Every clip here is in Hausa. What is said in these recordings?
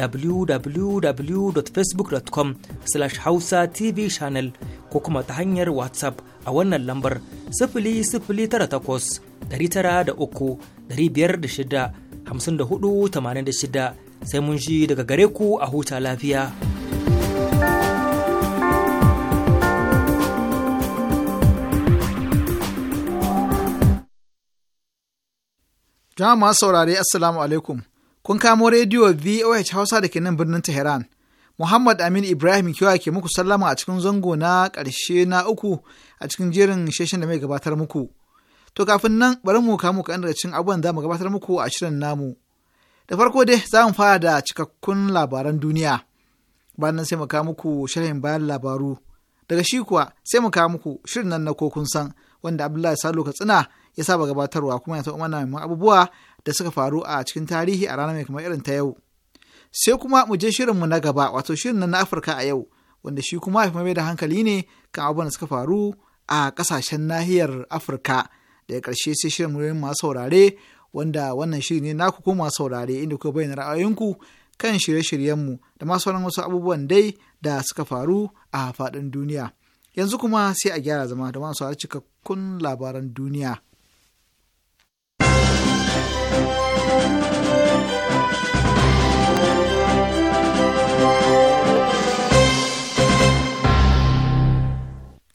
www.facebook.com slash hausa tv channel ko kuma ta hanyar whatsapp a wannan lambar sifili 903 da takwas ɗari tara uku biyar 00983 506 5486 sai mun shi daga gare ku a huta lafiya. Jama'a masu saurare Assalamu alaikum. Kun kamo rediyo VOH Hausa da ke nan birnin Tehran. Muhammad Amin Ibrahim Kiyawa ke muku sallama a cikin zango na ƙarshe na uku a cikin jerin sheshen da mai gabatar muku. To kafin nan bari mu kamo kaɗan daga cikin abubuwan za mu gabatar muku a shirin namu. Da farko dai za mu fara da cikakkun labaran duniya. Bayan nan sai mu kawo muku sharhin bayan labaru. Daga shi kuwa sai mu kawo muku shirin nan na ko kun san wanda Abdullahi Salo Katsina ya saba gabatarwa kuma ya taɓa mana abubuwa da suka faru a cikin tarihi a ranar mai kamar irin ta yau. Sai kuma mu je shirinmu na gaba wato shirin na Afirka a yau wanda shi kuma ya fi mai da hankali ne kan abubuwan da suka faru a ƙasashen nahiyar Afirka. ya ƙarshe sai shirin muryoyin masu saurare wanda wannan shiri ne naku ko masu saurare inda kuka bayyana ra'ayoyinku kan shirye-shiryenmu da ma sauran wasu abubuwan dai da suka faru a faɗin duniya. Yanzu kuma sai a gyara zama da masu cikakkun labaran duniya.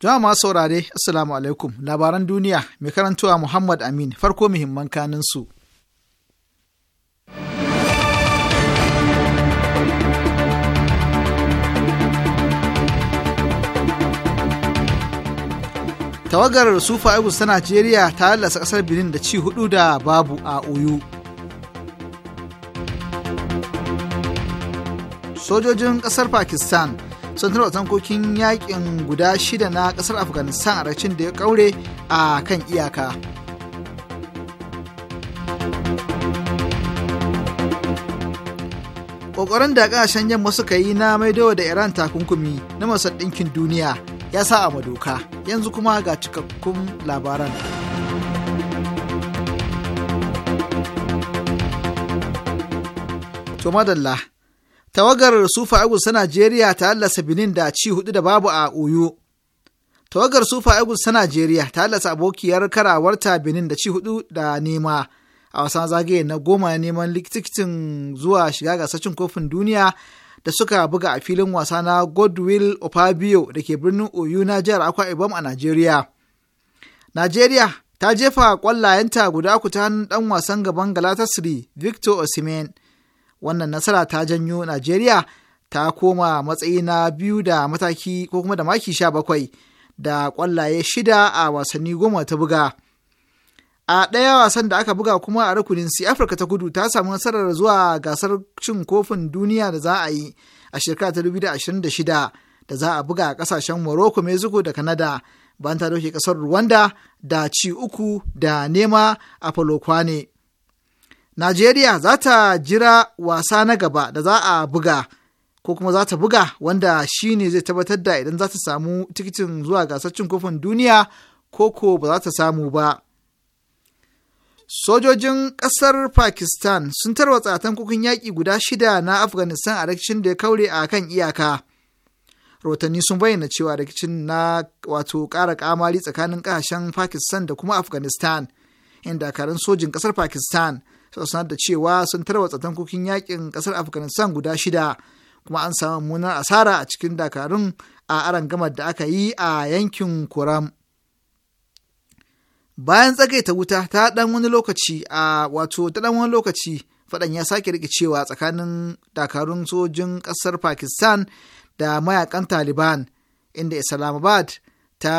Jama'a masu saurare, Assalamu alaikum, labaran duniya mai karantuwa Muhammad Amin farko muhimman kanin su. Tawagar Sufa egus ta Najeriya ta lallasa ƙasar Benin da ci hudu da babu a Oyo. sojojin kasar pakistan sun tura tankokin yakin guda shida na kasar afghanistan a racin da ya kaure a kan iyaka kokarin da kasashen yamma suka yi na maido da iran takunkumi na masu ɗinkin duniya ya sa a madoka yanzu kuma ga cikakkun labaran to madalla tawagar sufa eagles ta najeriya ta hallasa benin da ci hudu da babu a oyo tawagar sufa eagles ta najeriya ta hallasa abokiyar karawarta Binin da ci hudu da nema a wasan zagaye na goma na neman tikitin zuwa shiga gasar cin kofin duniya da suka buga a filin wasa na godwill opabio da ke birnin oyo na jihar akwa ibom a najeriya najeriya ta jefa kwallayenta guda uku ta hannun dan wasan gaban galatasaray victor osimhen wannan nasara ta janyo najeriya ta koma matsayi na biyu da mataki ko kuma da maki sha bakwai da kwallaye shida a wasanni goma ta buga a ɗaya wasan da aka buga kuma a rukunin si afirka ta kudu ta samu nasarar zuwa gasar cin kofin duniya da za a yi a shekara ta 2026 da za a buga a ƙasashen morocco mexico da canada banta ta doke ƙasar rwanda da ci uku da nema a polokwane Najeriya za ta jira wasa na gaba da za a buga ko kuma za ta buga wanda shi ne zai tabbatar da idan za ta samu tikitin zuwa gasar cin kofin duniya ko ko ba za ta samu ba. Sojojin ƙasar Pakistan sun tarwatsa kukun yaƙi guda shida na Afghanistan a rikicin da ya kaure a kan iyaka. Rotanni sun bayyana cewa rikicin na wato ƙara kamari tsakanin ƙasashen Pakistan da kuma Afghanistan, inda dakarun sojin ƙasar Pakistan suka sanar da cewa sun tarwatsa tankokin yakin kasar afghanistan guda shida kuma an samu munar asara a cikin dakarun a aran gamar da aka yi a yankin kuram bayan tsagaita wuta ta dan wani lokaci a wato ta dan wani lokaci fadan ya sake rikicewa tsakanin dakarun sojin kasar pakistan da mayakan taliban inda islamabad ta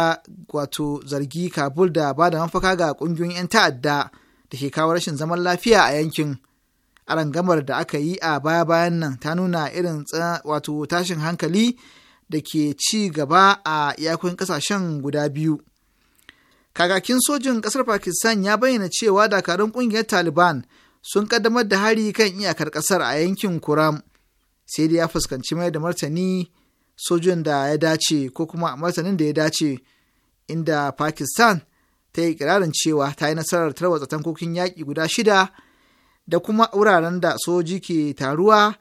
wato zargi kabul da ba da mafaka ga kungiyoyin 'yan ta'adda da ke kawo rashin zaman lafiya a yankin A rangamar da aka yi a baya bayan nan ta nuna irin wato tashin hankali da ke ci gaba a yakun kasashen guda biyu kakakin sojin kasar pakistan ya bayyana cewa dakarun kungiyar taliban sun kaddamar da hari kan iyakar kasar a yankin kuram sai dai ya fuskanci mai da martani sojin da ya dace ko kuma martanin da ya dace inda pakistan ta yi kirarin cewa ta yi nasarar tarwatsa tankokin yaƙi guda shida da kuma wuraren da soji ke taruwa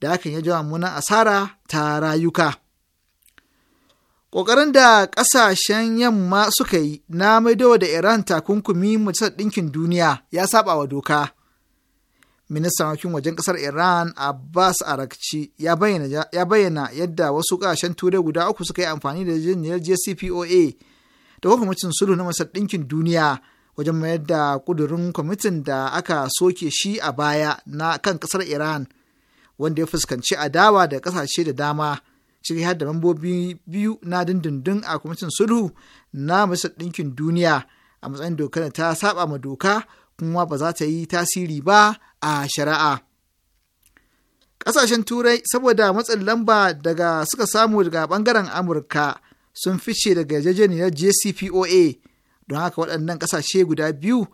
da hakan ya jawa munan asara ta rayuka. Ƙoƙarin da ƙasashen yamma suka yi na maido da Iran takunkumi majalisar ɗinkin duniya ya saba wa doka. Ministan harkokin wajen ƙasar Iran Abbas Arakci ya bayyana yadda wasu ƙasashen turai guda uku suka yi amfani da jiniyar JCPOA da kwamitin sulhu na masar ɗinkin duniya wajen mayar da ƙudurin kwamitin da aka soke shi a baya na kan ƙasar iran wanda ya fuskanci adawa da ƙasashe da dama ciki har da mambobi biyu na dindindin a kwamitin sulhu na masar ɗinkin duniya a matsayin dokar ta saba ma doka kuma ba za ta yi tasiri ba a shari'a. Ƙasashen Turai saboda matsin lamba daga suka samu daga bangaren Amurka sun fice daga yarjejeniyar JCPOA don haka waɗannan ƙasashe guda biyu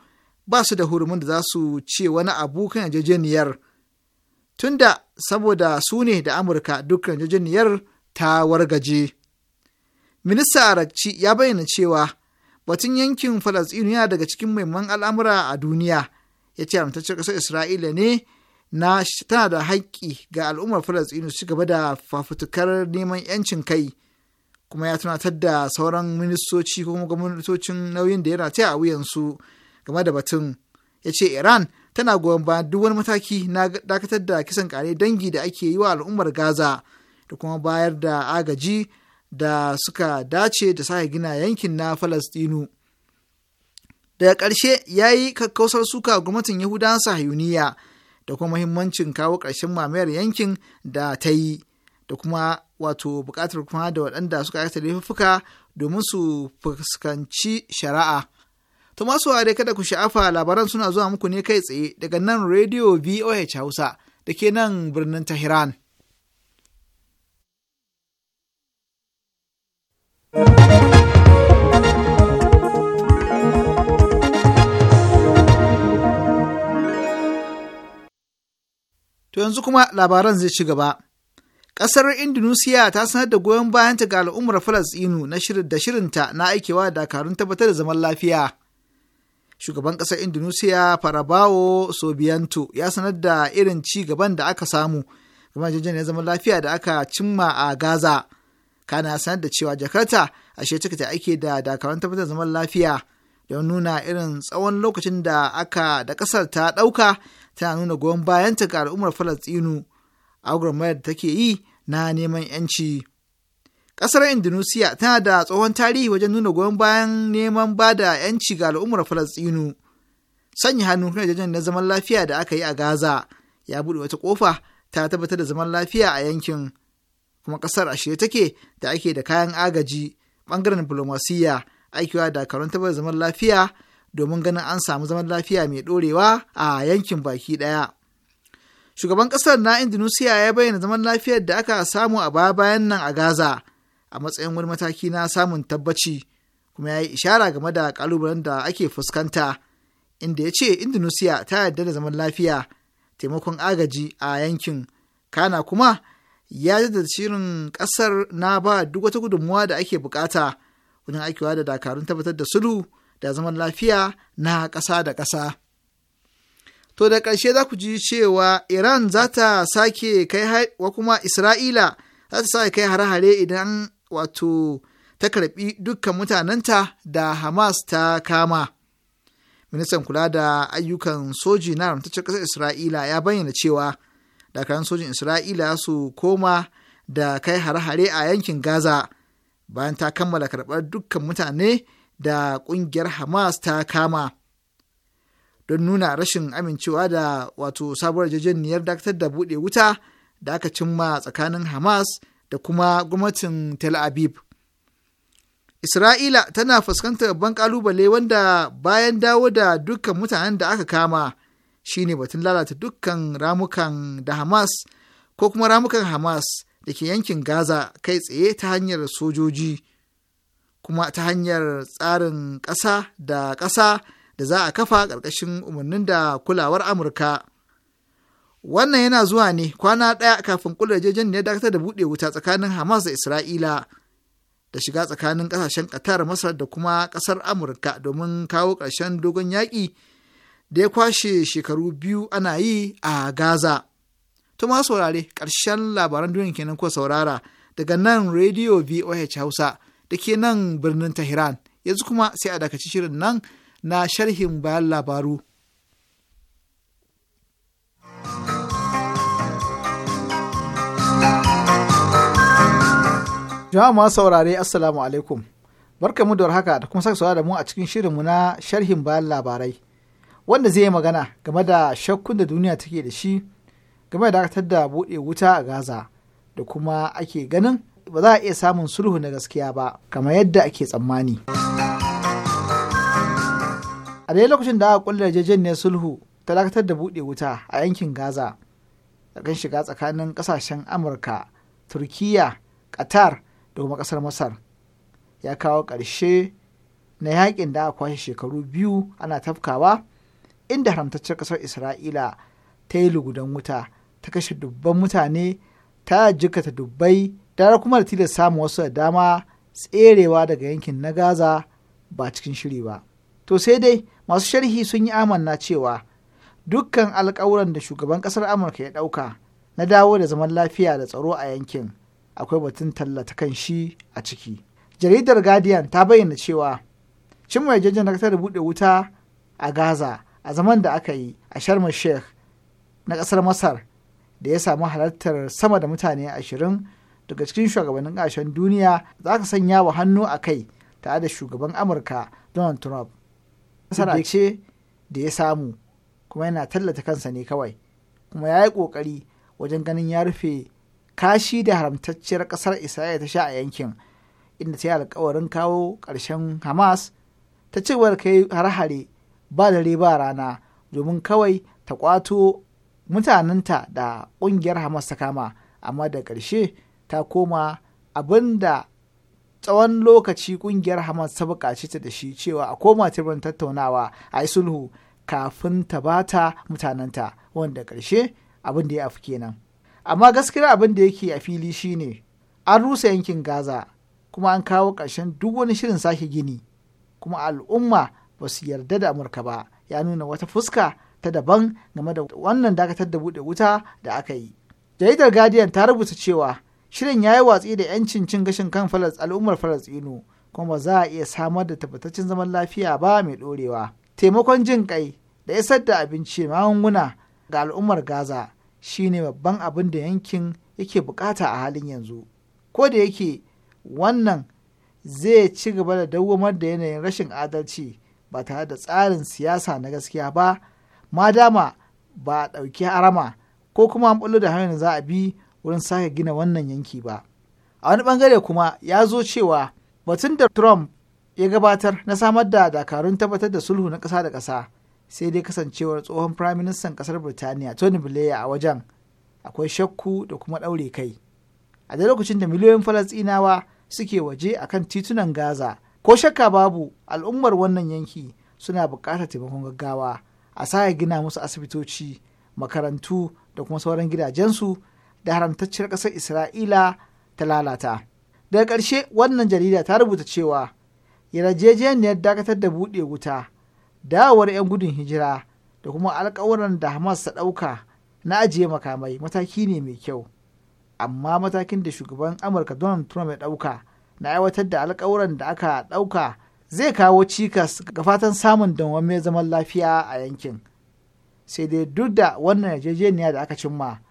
ba su da hurumin da za su ce wani abu kan yarjejeniyar tunda saboda su ne da Amurka dukkan yarjejeniyar ta wargaje. Minista Arakci ya bayyana cewa batun yankin Falasɗinu yana daga cikin muhimman al'amura a duniya, ya ce amintaccen ƙasar Isra'ila ne na tana da haƙƙi ga al'ummar Falasɗinu su gaba da fafutukar neman ‘yancin kai, kuma ya tunatar da sauran ministoci ko kuma gwamnatocin nauyin da yana rataya a wuyansu game da batun ya ce iran tana goyon ba duk wani mataki na dakatar da kisan kare dangi da ake yi wa al'ummar gaza da kuma bayar da agaji da suka dace da sake gina yankin na falastinu daga ƙarshe ya yi kakkausar suka gwamnatin yahudawan sahayuniya da kuma muhimmancin kawo ƙarshen mamayar yankin da ta yi da kuma wato buƙatar kuma da waɗanda suka aikata laifuka domin su fuskanci shari'a. To masu ware kada ku sha'afa labaran suna zuwa muku ne kai tsaye daga nan Radio VOH Hausa da ke nan birnin tahiran To yanzu kuma labaran zai ci gaba. Ƙasar Indonesia ta sanar da goyon bayanta ga al'ummar Falasɗinu da shirinta na aikewa da dakarun tabbatar da zaman lafiya. Shugaban ƙasar Indonesia Farabawo Sobiyanto ya sanar da irin ci gaban da aka samu game da zaman lafiya da aka cimma a Gaza. Kana sanar da cewa Jakarta ashe take ta ake da dakarun tabbatar da zaman lafiya don nuna irin tsawon lokacin da aka da ƙasar ta ɗauka tana nuna goyon bayanta ga al'ummar Falasɗinu. agromed da take yi na neman 'yanci. Ƙasar Indonesia tana da tsohon tarihi wajen nuna goyon bayan neman ba da 'yanci ga al'ummar Falastinu. Sanya hannu kan jajen na zaman lafiya da aka yi a Gaza ya buɗe wata ƙofa ta tabbatar da zaman lafiya a yankin. Kuma ƙasar a shirye take da ake da kayan agaji, ɓangaren diplomasiyya, aikiwa da karon tabbatar zaman lafiya domin ganin an samu zaman lafiya mai ɗorewa a yankin baki ɗaya. shugaban ƙasar na indonesia ya bayyana zaman lafiyar da aka samu a baya bayan nan a gaza a matsayin wani mataki na samun tabbaci kuma ya yi ishara game da ƙalubalen da ake fuskanta inda ya ce indonesia ta yarda da zaman lafiya taimakon agaji a yankin kana kuma ya da shirin ƙasar na ba duk wata gudunmuwa da ake bukata wajen aikewa da dakarun tabbatar da sulhu da zaman lafiya na ƙasa da ƙasa. To da ƙarshe za ku ji cewa Iran za ta sake kai wa kuma Isra'ila za ta sake kai hare-hare idan wato ta karɓi dukkan mutanenta da Hamas ta kama. Ministan kula da ayyukan soji na ramtaccen ƙasar Isra'ila ya bayyana cewa dakarun sojin Isra'ila su koma da kai hare-hare a yankin Gaza bayan ta kammala karɓar dukkan mutane da ƙungiyar Hamas ta kama. don nuna rashin amincewa da wato sabuwar yarjejeniyar dakatar da buɗe wuta da aka cimma tsakanin Hamas da kuma gwamnatin Tel Aviv. Isra'ila tana fuskantar babban ƙalubale wanda bayan dawo da dukkan mutanen da aka kama shine batun lalata dukkan ramukan da Hamas ko kuma ramukan Hamas da ke yankin Gaza kai tsaye ta hanyar sojoji kuma ta hanyar tsarin ƙasa da ƙasa da za a kafa ƙarƙashin umarnin da kulawar Amurka. Wannan yana zuwa ne kwana ɗaya kafin da ne dakatar da buɗe wuta tsakanin Hamas da Isra'ila da shiga tsakanin ƙasashen Qatar, Masar da kuma ƙasar Amurka domin kawo ƙarshen dogon yaƙi da ya kwashe shekaru biyu ana yi a Gaza. Tuma ma saurare ƙarshen labaran duniya kenan ko saurara daga nan Radio VOH Hausa da ke nan birnin Tehran. Yanzu kuma sai a dakaci shirin nan na sharhin bayan labaru. Jama'a masu saurare Assalamu alaikum. mu da warhaka da kuma saka da mu a cikin shirinmu na sharhin bayan labarai. Wanda zai yi magana game da shakkun da duniya take da shi game da dakatar da buɗe wuta a Gaza da kuma ake ganin ba za a iya samun sulhu na gaskiya ba kamar yadda ake tsammani. a dai lokacin da aka kulle yarjejeniyar sulhu ta dakatar da buɗe wuta a yankin gaza kan shiga tsakanin kasashen amurka turkiya qatar da kuma kasar masar ya kawo ƙarshe na yakin da aka kwashe shekaru biyu ana tafkawa inda haramtaccen kasar isra'ila ta yi lugudan wuta ta kashe dubban mutane ta jikata dubbai da kuma da tilas samun wasu da dama tserewa daga yankin na gaza ba cikin shiri ba to sai dai masu sharhi sun yi amanna cewa dukkan alkawuran da shugaban kasar amurka ya dauka na dawo da zaman lafiya da tsaro a yankin akwai batun tallata kan shi a ciki jaridar guardian ta bayyana cewa cin mai da da buɗe wuta a gaza a zaman da aka yi a sharma sheikh na kasar masar da ya samu halartar sama da mutane ashirin daga cikin shugabannin ƙasashen duniya za ka sanya wa hannu a kai tare da shugaban amurka donald trump nasara ce da ya samu kuma yana tallata kansa ne kawai kuma ya yi ƙoƙari wajen ganin ya rufe kashi da haramtacciyar ƙasar isra'ila ta sha a yankin inda ta yi alkawarin kawo ƙarshen hamas ta ce wadda kai har-hare ba dare ba rana domin kawai ta kwato mutanenta da ƙungiyar hamas ta kama amma da ƙarshe ta koma abin da tsawon lokaci kungiyar hamas ta bukaci ta da shi cewa a koma tirin tattaunawa a yi sulhu kafin ta bata mutanenta wanda karshe abin da ya afi kenan amma gaskiya abin da yake a fili shine an rusa yankin gaza kuma an kawo ƙarshen duk wani shirin sake gini kuma al'umma ba su yarda da amurka ba ya nuna wata fuska ta daban game da wannan dakatar da buɗe wuta da aka yi jaridar guardian ta rubuta cewa shirin ya yi watsi da 'yancin cin gashin kan Falas al'ummar falastinu kuma ba za a iya samar da tabbataccen zaman lafiya ba mai ɗorewa taimakon jin kai da isar da abinci magunguna ga al'ummar gaza shine babban abin da yankin yake bukata a halin yanzu ko da yake wannan zai ci gaba da dawwamar da yanayin rashin adalci ba tare da tsarin siyasa na gaskiya ba ma dama ba a ɗauki harama ko kuma an da hanyar za a bi wurin sake gina wannan yanki ba a wani bangare kuma ya zo cewa batun da trump ya gabatar na samar da dakarun tabbatar da sulhu na ƙasa da ƙasa sai dai kasancewar tsohon firaministan ƙasar birtaniya tony blair a wajen akwai shakku da kuma ɗaure kai a da lokacin da miliyoyin falasɗinawa suke waje akan titunan gaza ko shakka babu al'ummar wannan yanki suna buƙatar taimakon gaggawa a sa gina musu asibitoci makarantu da kuma sauran gidajensu da haramtacciyar ƙasar isra'ila ta lalata daga ƙarshe wannan jarida ta rubuta cewa yarjejeniyar dakatar da buɗe wuta dawowar 'yan gudun hijira da kuma alkawuran da hamas ta ɗauka na ajiye makamai mataki ne mai kyau amma matakin da shugaban amurka donald trump ya ɗauka na aiwatar da alkawuran da aka ɗauka zai kawo cikas ga fatan samun dawwammame zaman lafiya a yankin sai dai duk da wannan yarjejeniya da aka cimma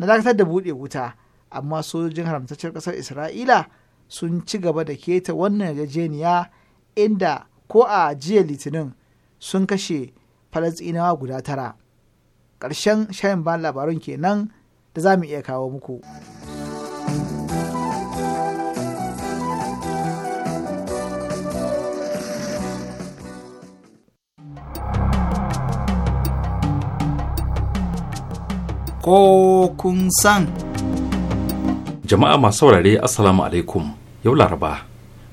na dakatar da buɗe wuta amma sojojin haramtaccen ƙasar isra'ila sun ci gaba da keta wannan yarjejeniya inda ko a jiya litinin sun kashe falasɗinawa guda tara ƙarshen shayin ban labarun kenan da za mu iya kawo muku. ko kun san. Jama'a masu saurare Assalamu alaikum yau Laraba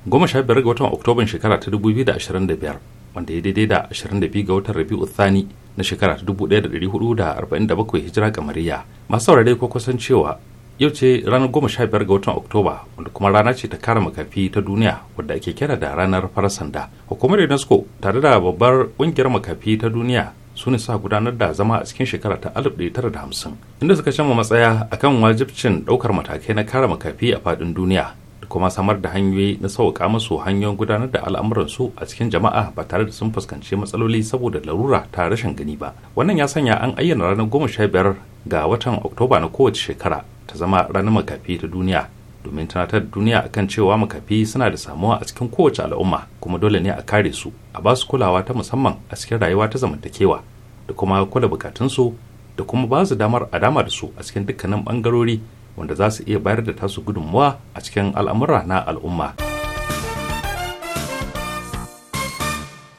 goma sha biyar ga watan Oktoban shekara ta dubu biyu da ashirin da biyar wanda ya daidai da ashirin da biyu ga watan Rabi'u Thani na shekara ta dubu ɗaya da ɗari hudu da arba'in da bakwai hijira kamariya masu saurare ko kusan cewa yau ce ranar goma sha biyar ga watan Oktoba wanda kuma rana ce ta kare makafi ta duniya wadda ake kira da ranar farasanda hukumar UNESCO tare da babbar ƙungiyar makafi ta duniya su ne suka gudanar da zama a cikin shekara ta 1950 inda suka cama matsaya a kan wajibcin daukar matakai na kare makafi a fadin duniya da kuma samar da hanyoyi na sauka musu hanyoyin gudanar da al'amuransu a cikin jama'a ba tare da sun fuskanci matsaloli saboda larura ta rashin gani ba wannan ya sanya an ayyana ranar 15 ga watan oktoba na kowace shekara ta zama ranar makafi ta duniya domin tunatar da duniya akan cewa makafi suna da samuwa a cikin kowace al'umma kuma dole ne a kare su a ba su kulawa ta musamman a cikin rayuwa ta zamantakewa da kuma kula bukatunsu da kuma ba su damar a dama da su a cikin dukkanin bangarori wanda za su iya bayar da tasu gudunmuwa a cikin al'amura na al'umma.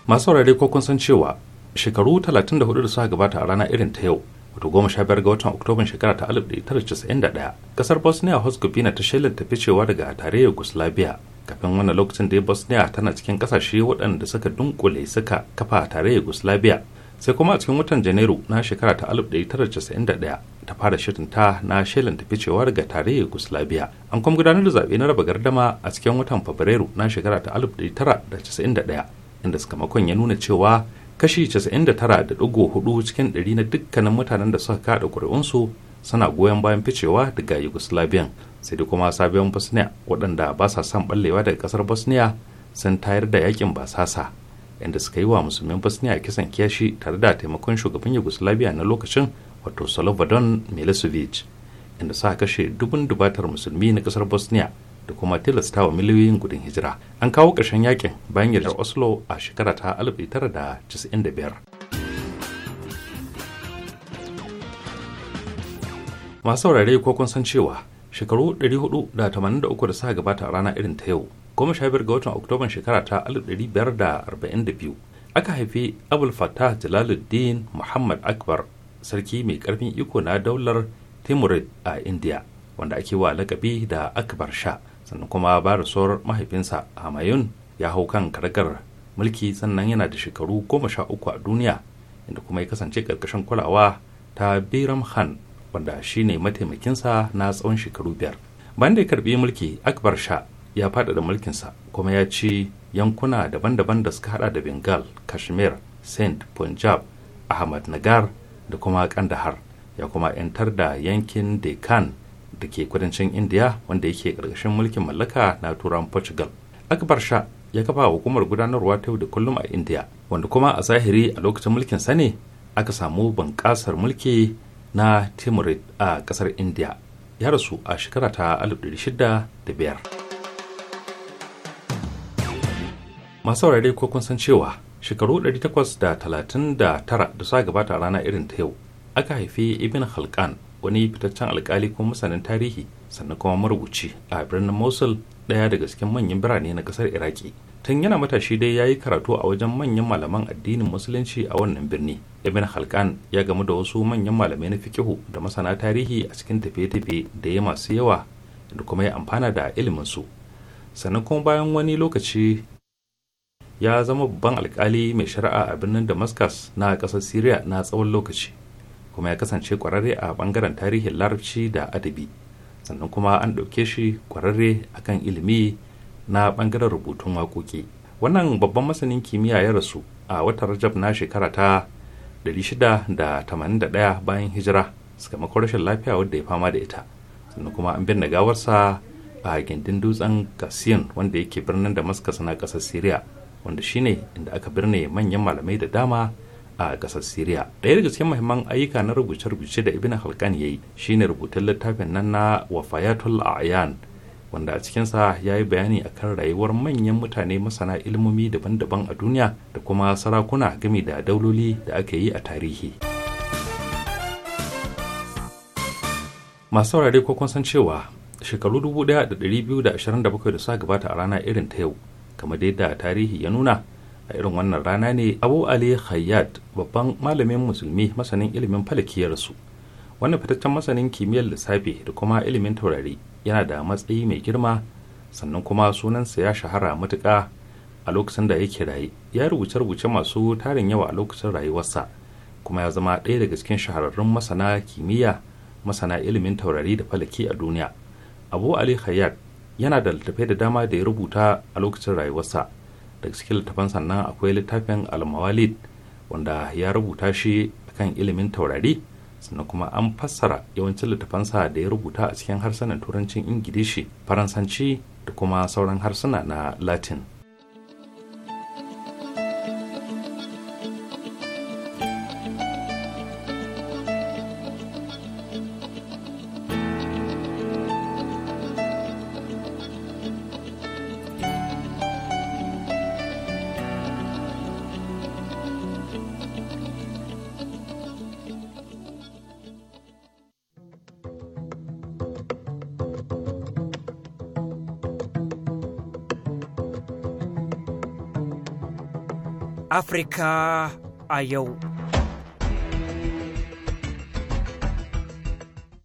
masu saurare ko kun san cewa shekaru 34 da suka gabata a rana irin ta yau wato goma sha biyar ga watan oktoban shekara ta alif tara casa'in da ɗaya ƙasar bosnia herzegovina ta tafi cewa daga tarayyar yugoslavia kafin wani lokacin da bosnia tana cikin ƙasashe waɗanda suka dunkule suka kafa tarayyar yugoslavia sai kuma a cikin watan janairu na shekara ta ɗaya ta fara shirin ta na shelin cewa daga tarayyar yugoslavia an kuma gudanar da zaɓe na raba gardama a cikin watan fabrairu na shekara ta ɗaya inda sakamakon ya nuna cewa kashi 99.4 cikin ɗari na dukkanin mutanen da suka kada ƙuri'unsu suna goyon bayan ficewa daga yugoslavia sai da kuma sabiyan bosnia waɗanda ba sa son ballewa daga ƙasar bosnia sun tayar da yakin basasa inda suka yi wa musulmin bosnia kisan kiyashi tare da taimakon shugaban yugoslavia na lokacin wato slobodan milosevic inda suka kashe dubun dubatar musulmi na ƙasar bosnia da kuma tilasta wa miliyoyin gudun hijira an kawo ƙarshen yakin bayan yardar oslo a shekara ta 1995 masu saurare ko kun san cewa shekaru 483 da suka gabata a rana irin ta yau kuma sha ga watan oktoban shekara ta 1542 aka haifi abul fattah jalaluddin muhammad akbar sarki mai karfin iko na daular timurid a india wanda ake wa lakabi da akbar sha sannan kuma barisor mahaifinsa hamayun ya hau kan karagar mulki sannan yana da shekaru goma sha uku a duniya inda kuma ya kasance karkashin kulawa ta biram khan wanda shine mataimakinsa na tsawon shekaru biyar bayan da ya karbi mulki akbar sha ya faɗaɗa mulkinsa kuma ya ci yankuna daban-daban da suka hada da bengal kashmir saint punjab ahmad nagar da kuma kandahar ya kuma 'yantar da yankin dekan da ke kudancin indiya wanda yake ƙarƙashin mulkin mallaka na turan portugal akbar sha ya kafa hukumar gudanarwa ta yau da kullum a indiya wanda kuma a zahiri a lokacin mulkin sa aka samu bunƙasar mulki na timurid a ƙasar indiya ya rasu a shekara ta 1605 masu saurare ko kun san cewa shekaru 839 da sa gabata a rana irin ta yau aka haifi ibn halkan wani fitaccen alkali ko masanin tarihi sannan kuma marubuci a birnin mosul daya daga cikin manyan birane na ƙasar iraki tun yana matashi dai ya yi karatu a wajen manyan malaman addinin musulunci a wannan birni ibn halkan ya gamu da wasu manyan malamai na fikihu da masana tarihi a cikin tafiye-tafiye da ya masu yawa da kuma ya amfana da ilimin su sannan kuma bayan wani lokaci ya zama babban alkali mai shari'a a birnin damascus na ƙasar syria na tsawon lokaci kuma ya kasance kwararre a bangaren tarihin larabci da adabi sannan kuma an ɗauke shi kwararre kan ilimi na bangaren rubutun waƙoƙi wannan babban masanin kimiyya ya rasu a watan rajab na shekara ta 681 bayan hijira sakamakon rashin lafiya wadda ya fama da ita sannan kuma an binne gawarsa a gindin dutsen kasiyan wanda yake birnin damascus na ƙasar syria wanda shine inda aka birne manyan malamai da dama a ƙasar Siriya. Ɗaya daga cikin muhimman ayyuka na rubuce-rubuce da Ibn Halkan ya yi shine rubutun littafin nan na Wafayatul A'yan wanda a cikinsa ya yi bayani akan rayuwar manyan mutane masana ilmomi daban-daban a duniya da kuma sarakuna game da dauloli da aka yi a tarihi. Masu saurare ko kun san cewa shekaru 1227 da suka gabata a rana irin ta yau kamar yadda tarihi ya nuna a irin wannan rana ne abu ali khayyad babban malamin musulmi masanin ilimin falakiyarsu. wannan fitaccen masanin kimiyyar lissafi da kuma ilimin taurari yana da matsayi mai girma sannan kuma sunansa ya shahara matuka a lokacin da yake raye ya rubuce rubuce masu tarin yawa a lokacin rayuwarsa kuma ya zama ɗaya daga cikin shahararrun masana kimiyya masana ilimin taurari da falaki a duniya abu ali khayyad yana da littattafai da dama da ya rubuta a lokacin rayuwarsa daga cikin littafan sannan akwai littafin almawalid wanda ya rubuta shi kan ilimin taurari sannan kuma an fassara yawancin littafansa da ya rubuta a cikin harsunan turancin ingilishi faransanci da kuma sauran harsuna na latin afrika a yau.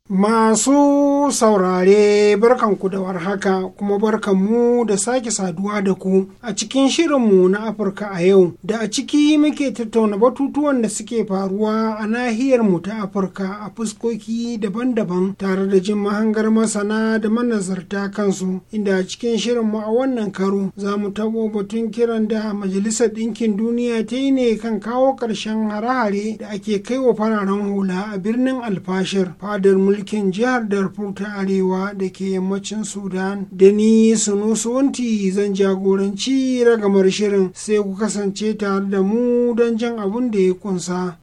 Masu masu saurare barkanku da warhaka kuma barkan mu da sake saduwa da ku a cikin shirinmu na Afirka a yau da a ciki muke tattauna batutuwan da suke faruwa a nahiyar mu ta Afirka a fuskoki daban-daban tare da jin mahangar masana da manazarta kansu inda a cikin shirinmu a wannan karo za mu tabo batun kiran da Majalisar Ɗinkin Duniya ta yi ne kan kawo ƙarshen hare-hare da ake wa fararen hula a birnin Alfashir fadar mulkin jihar Darfur ta arewa da ke yammacin sudan da ni sunusuwanti zan jagoranci ragamar shirin sai ku kasance tare da mu don jan abin da ya kunsa.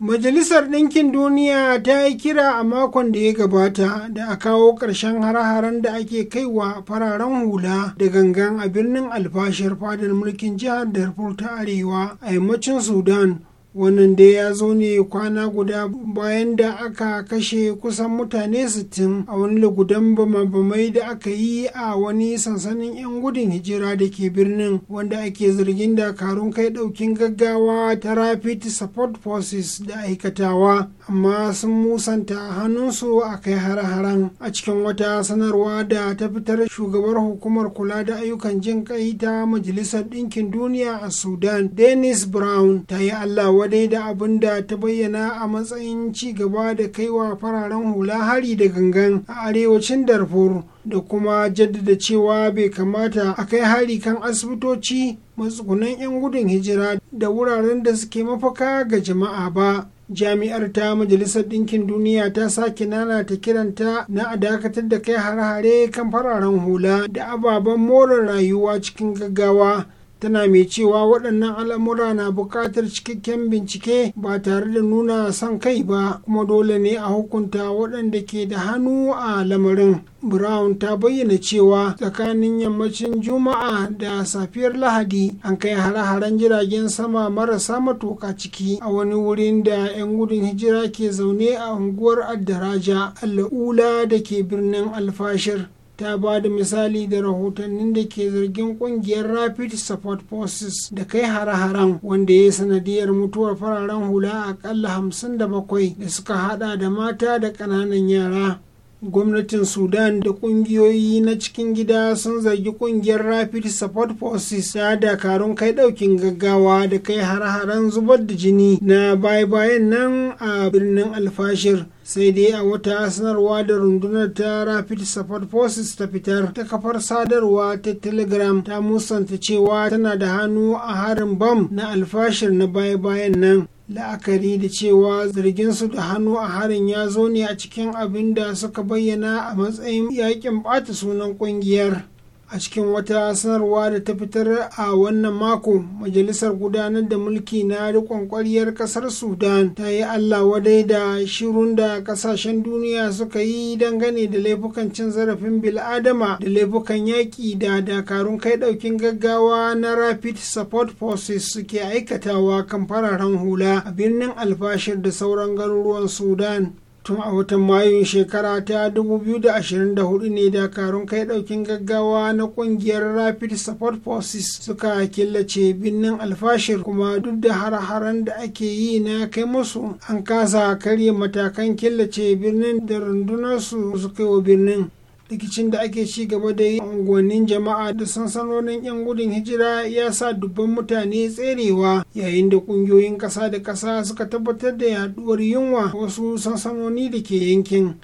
Majalisar Ɗinkin Duniya ta yi kira a makon da ya gabata da a kawo ƙarshen hare-haren da ake kaiwa fararen hula da gangan a birnin alfashir fadar mulkin jihar Darfur ta Arewa a yammacin Sudan wannan dai ya zo ne kwana guda bayan da aka kashe kusan mutane 60 a wani lugudan bama-bamai da aka yi a wani sansanin 'yan gudun hijira da ke birnin wanda ake zargin dakarun kai daukin gaggawa ta rapid support forces da aikatawa amma sun musanta hannunsu a kai har-haren a cikin wata sanarwa da ta fitar shugabar hukumar kula da ayyukan jin kai ta majalisar ɗinkin duniya a sudan dennis brown ta yi allah dai da abin da ta bayyana a matsayin ci gaba da kaiwa fararen hula hari da gangan a arewacin darfur da kuma jaddada cewa bai kamata a kai hari kan asibitoci matsugunan 'yan gudun hijira da wuraren da suke mafaka ga jama'a ba jami'ar ta majalisar ɗinkin duniya ta sake nana ta kiranta na a dakatar da kai har hare kan fararen hula da ababen more rayuwa cikin gaggawa tana mai cewa waɗannan al'amura na buƙatar cikakken bincike ba tare da nuna son kai ba kuma dole ne a hukunta waɗanda ke da hannu a lamarin brown ta bayyana cewa tsakanin yammacin juma'a da safiyar lahadi an kai hare-haren jiragen sama marasa matuka ciki a wani wurin da 'yan gudun hijira ke zaune a unguwar addaraja al'ula da ke birnin alfashir ta ba da misali da rahotannin da ke zargin kungiyar rapid support forces da kai hare-haren wanda ya sanadiyar mutuwar fararen hula a akalla 57 da suka hada da mata da ƙananan yara gwamnatin sudan da kungiyoyi na cikin gida sun zargi kungiyar rapid support forces da dakarun kai daukin gaggawa da kai har-haren zubar da jini na baya-bayan nan a birnin alfashir sai dai a wata sanarwa da rundunar ta rapid support forces ta fitar ta kafar sadarwa ta telegram ta musanta cewa tana da hannu a harin bam na alfashir na baya-bayan nan la'akari da cewa zarginsu da hannu a harin ya zo ne a cikin abin da suka bayyana a matsayin yakin ɓata sunan ƙungiyar a cikin wata sanarwa da ta fitar a wannan mako majalisar gudanar da mulki na rikon kwariyar kasar sudan ta yi allah wadai da shirun da kasashen duniya suka yi dangane da laifukan cin zarafin bil'adama da laifukan yaƙi da dakarun kai ɗaukin gaggawa na rapid support forces suke aikatawa kan fararen hula a birnin alfashir da sauran garuruwan sudan tun a watan mayu shekara ta 2024 ne dakarun kai daukin gaggawa na kungiyar rapid support forces suka killace birnin alfashir kuma duk da har-haren da ake yi na kai musu an kasa karya matakan killace birnin da rundunarsu suka yi wa birnin rikicin da ake ci gaba da yi a unguwannin jama'a da sansanonin 'yan gudun hijira ya sa dubban mutane tserewa yayin da kungiyoyin ƙasa da ƙasa suka tabbatar da yaduwar yunwa wasu sansanoni da ke yankin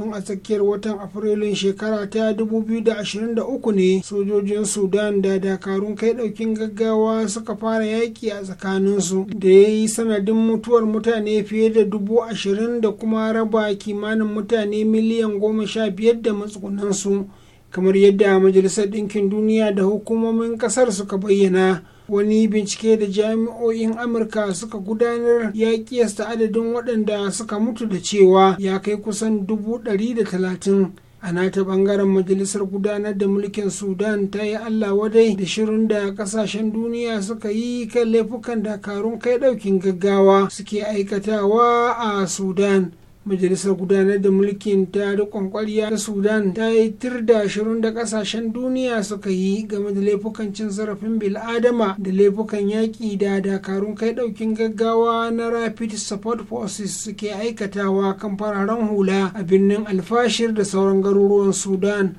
tun a tsakiyar watan afrilun shekara ta 2023 ne sojojin sudan da dakarun kai daukin gaggawa suka fara yaki a tsakaninsu da ya yi sanadin mutuwar mutane fiye da dubu ashirin da kuma raba kimanin mutane miliyan goma sha biyar da matsugunansu kamar yadda majalisar ɗinkin duniya da hukumomin ƙasar suka bayyana wani bincike da jami'o'in amurka suka gudanar ya kiyasta adadin waɗanda suka mutu da cewa ya kai kusan dubu ɗari da talatin a nata bangaren majalisar gudanar da mulkin sudan ta yi allah wadai da shirin da ƙasashen duniya suka yi kan laifukan dakarun kai ɗaukin gaggawa suke aikatawa a sudan majalisar gudanar da mulkin ta rikon kwarya ta sudan ta yi tir da shirin da kasashen duniya suka yi game da laifukan cin zarafin bil'adama da laifukan yaƙi da dakarun kai ɗaukin gaggawa na rapid support forces suke aikatawa kan fararen hula a birnin alfashir da sauran garuruwan sudan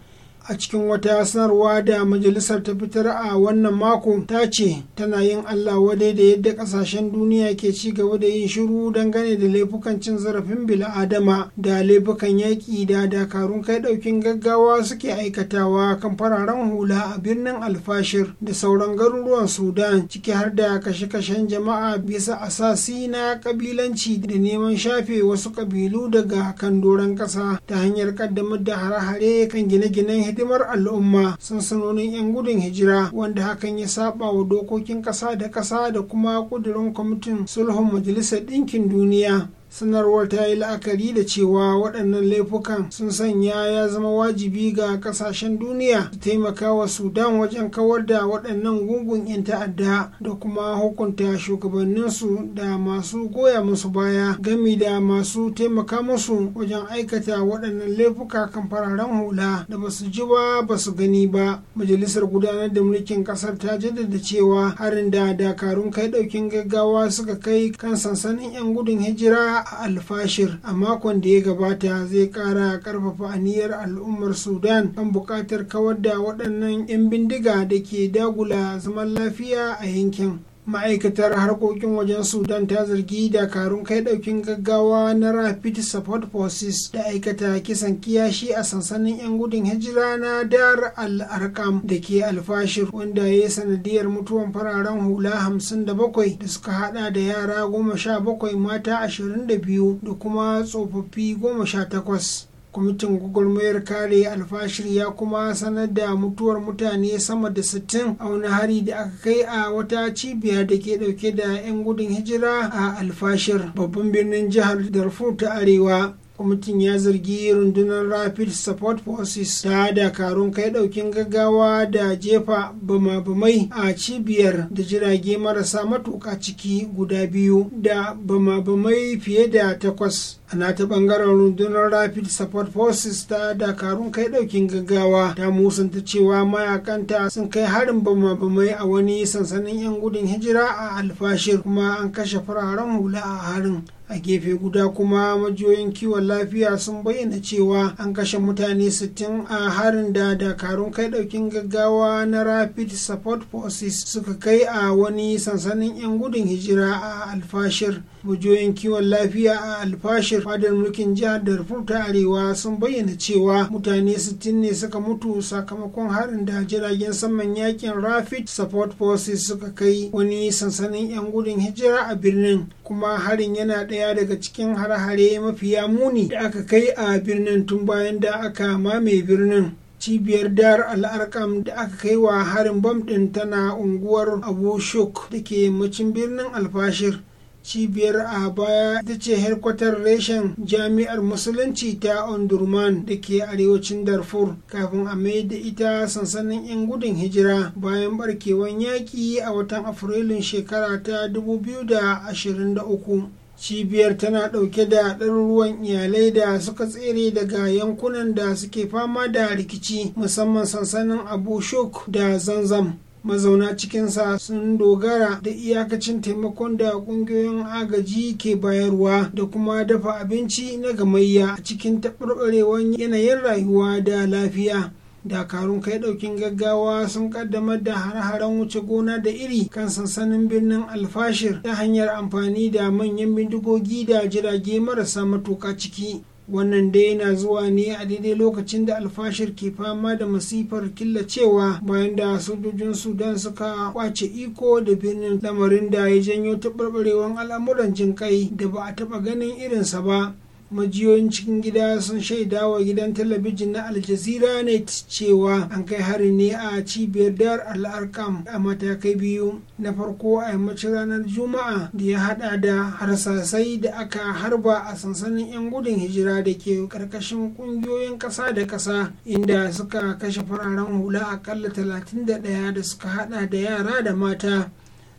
a cikin wata sanarwa da majalisar ta fitar a wannan mako ta ce tana yin allah wadai da yadda kasashen duniya ke ci gaba da yin shiru dangane da laifukan cin zarafin bil'adama da laifukan yaƙi da dakarun kai ɗaukin gaggawa suke aikatawa kan fararen hula a birnin alfashir da sauran garuruwan sudan ciki har da kashe-kashen jama'a bisa asasi na ƙabilanci da neman shafe wasu ƙabilu, daga kan doron ƙasa ta hanyar ƙaddamar da hare-hare kan gine-ginen hidimar al'umma sansanonin 'yan gudun hijira wanda hakan ya saba wa dokokin ƙasa da ƙasa da kuma kudurin kwamitin sulhun majalisar ɗinkin duniya sanarwar ta yi la'akari da cewa waɗannan laifukan sun sanya ya zama wajibi ga ƙasashen duniya su taimaka wa sudan wajen kawar da waɗannan gungun 'yan ta'adda da kuma hukunta shugabanninsu da masu goya musu baya gami da masu taimaka musu wajen aikata waɗannan laifuka kan fararen hula da ba su ji ba ba su gani ba majalisar gudanar da mulkin ƙasar ta jaddada cewa harin da dakarun kai ɗaukin gaggawa suka kai kan sansanin 'yan gudun hijira a alfashir a makon da ya gabata zai ƙara ƙarfafa aniyar al'ummar sudan kan buƙatar kawar da waɗannan 'yan bindiga da ke dagula zaman lafiya a yankin ma'aikatar harkokin wajen sudan ta zargi dakarun kai daukin gaggawa na rapid support forces da aikata kisan kiyashi a sansanin 'yan gudun hijira na dar al-arkam da ke alfashir wanda ya yi sanadiyar mutuwan fararen hula 57 da suka hada da yara 17 mata 22 da kuma tsofaffi 18 kwamitin gwagwarmayar kare alfashir ya kuma sanar da mutuwar mutane sama da 60 a wani hari da aka kai a wata cibiya da ke dauke da 'yan gudun hijira a alfashir babban birnin jihar darfur ta arewa kwamitin ya zargi rundunar rapid support forces ta dakarun kai daukin gaggawa da jefa bama-bamai a cibiyar da jirage marasa matuka ciki guda biyu da bama-bamai fiye da takwas ana ta bangaren rundunar rapid support forces ta dakarun kai daukin gaggawa ta musanta cewa mayakanta sun kai harin bama-bamai a wani sansanin 'yan gudun hijira a alfashir kuma an kashe fararen hula a harin a gefe guda kuma majiyoyin kiwon lafiya sun bayyana cewa an kashe mutane 60 a harin da dakarun kai daukin gaggawa na rapid support forces suka kai a wani sansanin 'yan gudun hijira a alfashir bujoyin kiwon lafiya a alfashir fadar mulkin jihar darfur ta arewa sun bayyana cewa mutane 60 ne suka mutu sakamakon harin da jiragen saman yakin rapid support forces suka kai wani sansanin 'yan gudun hijira a birnin kuma harin yana ɗaya daga cikin hare-hare mafiya muni da aka kai a birnin tun bayan da aka mame birnin cibiyar dar al'arkam da aka kai wa harin bam ɗin tana unguwar abu shuk da ke macin birnin alfashir cibiyar a baya ita ce herkwatar reshen jami'ar musulunci ta ondurman da ke arewacin darfur kafin a mai da ita sansanin 'yan gudun hijira bayan barkewan yaƙi a watan afrilun shekara ta 2023 cibiyar tana ɗauke da ɗaruruwan iyalai da suka tsere daga yankunan da suke fama da rikici musamman sansanin abu shuk da zanzam mazauna cikinsa sun dogara da iyakacin taimakon da kungiyoyin agaji ke bayarwa da kuma dafa abinci na gamayya a cikin taɓarɓarewar yanayin rayuwa da lafiya dakarun kai ɗaukin gaggawa sun ƙaddamar da har-haren wuce gona da iri kan sansanin birnin alfashir ta hanyar amfani da manyan bindigogi da jirage marasa matuƙa ciki wannan dai yana zuwa ne a daidai lokacin da alfashir ke fama da masifar killacewa bayan da sojojin sudan suka kwace iko da birnin lamarin da ya janyo taɓarɓarewar al'amuran jin da ba a taɓa ganin irinsa ba majiyoyin cikin gida sun shaida wa gidan talabijin na aljazira net cewa an kai hari ne a cibiyar dar al'arkam a matakai biyu na farko a yammacin ranar juma'a da ya hada da harsasai da aka harba a sansanin 'yan gudun hijira da ke karkashin kungiyoyin kasa da kasa inda suka kashe fararen hula akalla 31 da suka hada da yara da mata